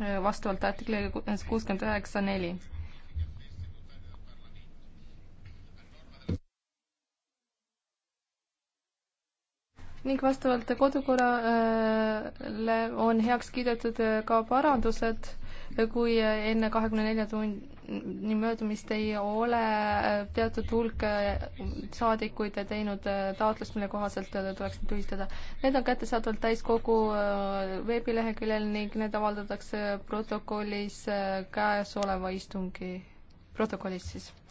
Äh, vastavalt artiklile kuuskümmend üheksa neli. ning vastavalt kodukorrale on heaks kiidetud äh, ka parandused, äh, kui enne kahekümne nelja tund-, möödumist ei ole teatud hulk äh, saadikuid teinud äh, taotlust, mille kohaselt äh, tuleks need tühistada. Need on kättesaadavad täiskogu veebileheküljel ning need avaldatakse protokollis käesoleva istungi, protokollis siis